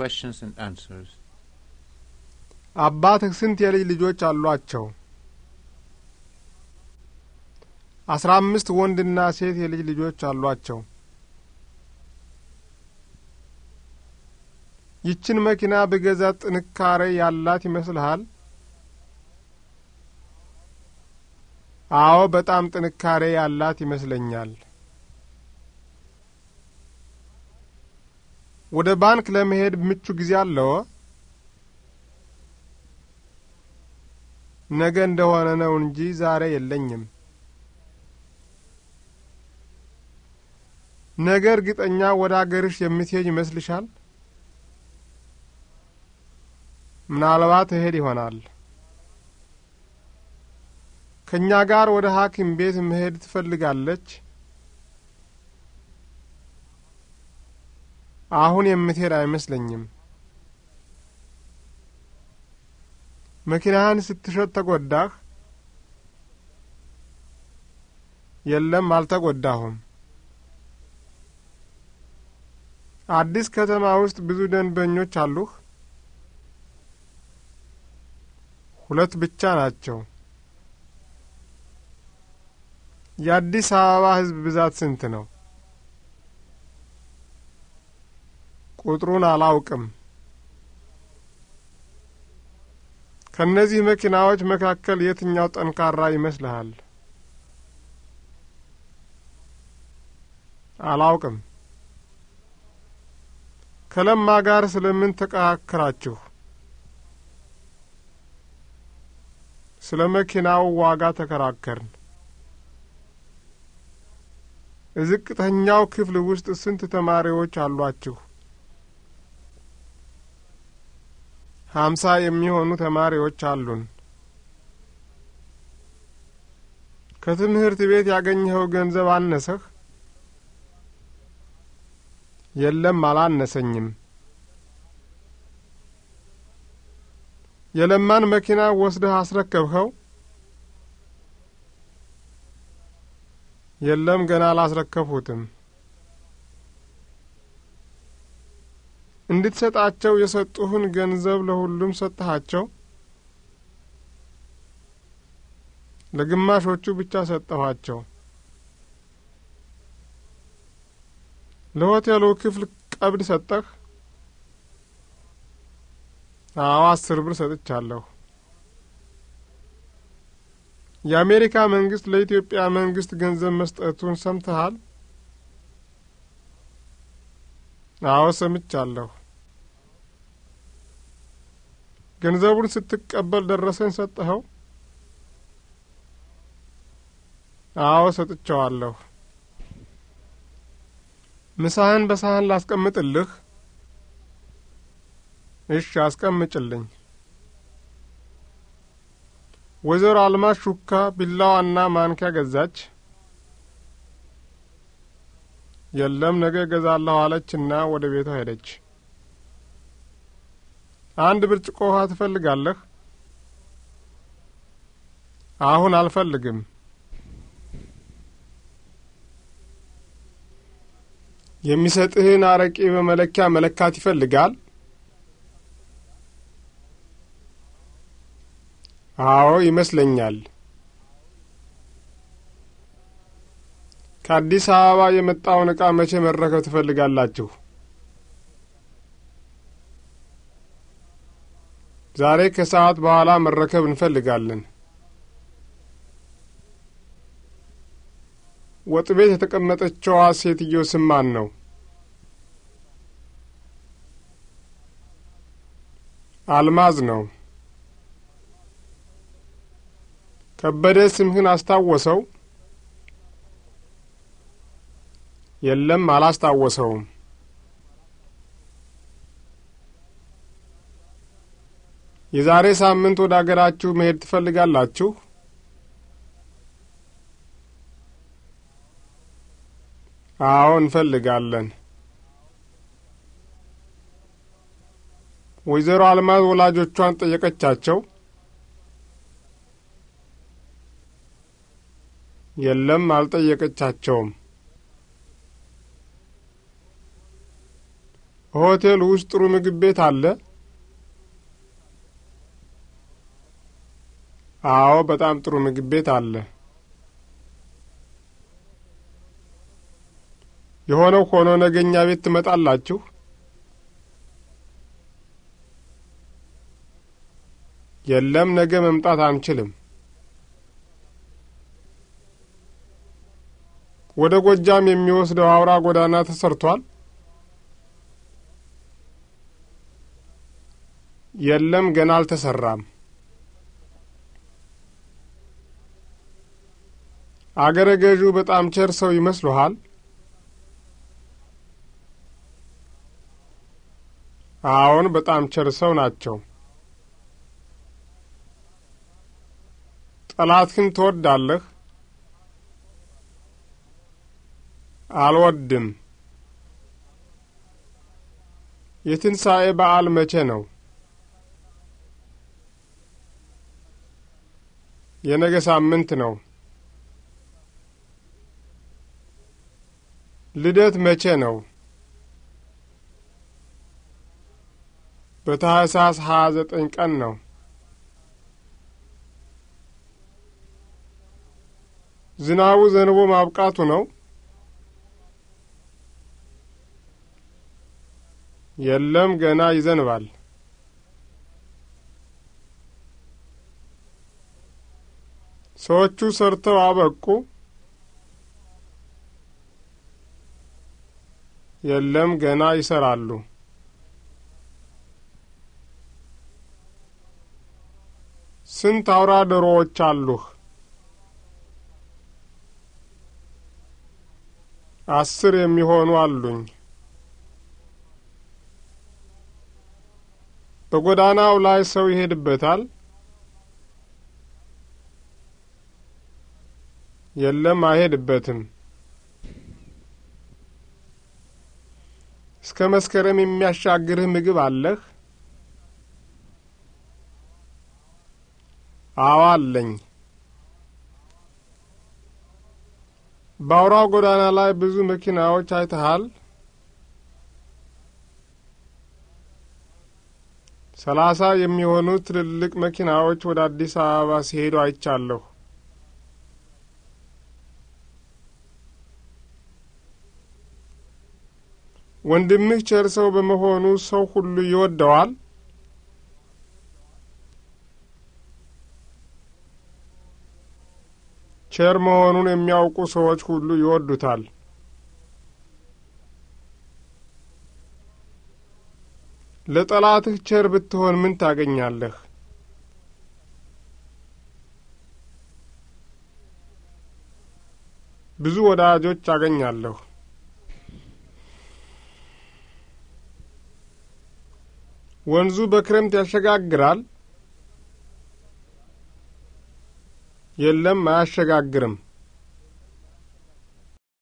questions and answers. አባትህ ስንት የልጅ ልጆች አሏቸው? አስራ አምስት ወንድና ሴት የልጅ ልጆች አሏቸው። ይችን መኪና ብገዛ ጥንካሬ ያላት ይመስልሃል? አዎ፣ በጣም ጥንካሬ ያላት ይመስለኛል። ወደ ባንክ ለመሄድ ምቹ ጊዜ አለው? ነገ እንደሆነ ነው እንጂ ዛሬ የለኝም። ነገ እርግጠኛ ወደ አገርሽ የምትሄጅ ይመስልሻል? ምናልባት እሄድ ይሆናል። ከእኛ ጋር ወደ ሐኪም ቤት መሄድ ትፈልጋለች? አሁን የምትሄድ አይመስለኝም። መኪናህን ስትሸጥ ተጐዳህ? የለም፣ አልተጐዳሁም። አዲስ ከተማ ውስጥ ብዙ ደንበኞች አሉህ? ሁለት ብቻ ናቸው። የአዲስ አበባ ሕዝብ ብዛት ስንት ነው? ቁጥሩን አላውቅም። ከእነዚህ መኪናዎች መካከል የትኛው ጠንካራ ይመስልሃል? አላውቅም። ከለማ ጋር ስለምን ተከራከራችሁ? ስለ መኪናው ዋጋ ተከራከርን። እዝቅተኛው ክፍል ውስጥ ስንት ተማሪዎች አሏችሁ? ሀምሳ የሚሆኑ ተማሪዎች አሉን። ከትምህርት ቤት ያገኘኸው ገንዘብ አነሰህ? የለም፣ አላነሰኝም። የለማን መኪና ወስደህ አስረከብኸው? የለም፣ ገና አላስረከብሁትም። እንድትሰጣቸው የሰጡህን ገንዘብ ለሁሉም ሰጠሃቸው? ለግማሾቹ ብቻ ሰጠኋቸው። ለሆቴሉ ክፍል ቀብድ ሰጠህ? አዎ አስር ብር ሰጥቻለሁ። የአሜሪካ መንግስት ለኢትዮጵያ መንግስት ገንዘብ መስጠቱን ሰምተሃል? አዎ ሰምቻለሁ። ገንዘቡን ስትቀበል ደረሰኝ ሰጠኸው? አዎ ሰጥቸዋለሁ። ምሳህን በሳህን ላስቀምጥልህ? እሺ አስቀምጭልኝ። ወይዘሮ አልማዝ ሹካ ቢላዋና ማንኪያ ገዛች። የለም ነገ እገዛለሁ አለችና ወደ ቤቷ ሄደች። አንድ ብርጭቆ ውሃ ትፈልጋለህ? አሁን አልፈልግም። የሚሰጥህን አረቄ በመለኪያ መለካት ይፈልጋል? አዎ ይመስለኛል። ከአዲስ አበባ የመጣውን ዕቃ መቼ መረከብ ትፈልጋላችሁ? ዛሬ ከሰዓት በኋላ መረከብ እንፈልጋለን። ወጥ ቤት የተቀመጠችዋ ሴትዮ ስም ማን ነው? አልማዝ ነው። ከበደ ስምህን አስታወሰው? የለም፣ አላስታወሰውም። የዛሬ ሳምንት ወደ አገራችሁ መሄድ ትፈልጋላችሁ? አዎ እንፈልጋለን። ወይዘሮ አልማዝ ወላጆቿን ጠየቀቻቸው? የለም፣ አልጠየቀቻቸውም። ሆቴል ውስጥ ጥሩ ምግብ ቤት አለ? አዎ፣ በጣም ጥሩ ምግብ ቤት አለ። የሆነው ሆኖ ነገ እኛ ቤት ትመጣላችሁ? የለም፣ ነገ መምጣት አንችልም። ወደ ጎጃም የሚወስደው አውራ ጎዳና ተሰርቷል? የለም፣ ገና አልተሰራም። አገረ ገዡ በጣም ቸር ሰው ይመስሉሃል? አዎን፣ በጣም ቸር ሰው ናቸው። ጠላትህን ትወዳለህ? አልወድም። የትንሣኤ በዓል መቼ ነው? የነገ ሳምንት ነው። ልደት መቼ ነው? በታህሳስ ሀያ ዘጠኝ ቀን ነው። ዝናቡ ዘንቦ ማብቃቱ ነው? የለም፣ ገና ይዘንባል። ሰዎቹ ሰርተው አበቁ? የለም ገና ይሰራሉ። ስንት አውራ ዶሮዎች አሉህ? አስር የሚሆኑ አሉኝ። በጎዳናው ላይ ሰው ይሄድበታል? የለም አይሄድበትም። እስከ መስከረም የሚያሻግርህ ምግብ አለህ? አዋ አለኝ። በአውራው ጎዳና ላይ ብዙ መኪናዎች አይተሃል? ሰላሳ የሚሆኑ ትልልቅ መኪናዎች ወደ አዲስ አበባ ሲሄዱ አይቻለሁ። ወንድምህ ቸር ሰው በመሆኑ ሰው ሁሉ ይወደዋል? ቸር መሆኑን የሚያውቁ ሰዎች ሁሉ ይወዱታል። ለጠላትህ ቸር ብትሆን ምን ታገኛለህ? ብዙ ወዳጆች አገኛለሁ። ወንዙ በክረምት ያሸጋግራል? የለም፣ አያሸጋግርም።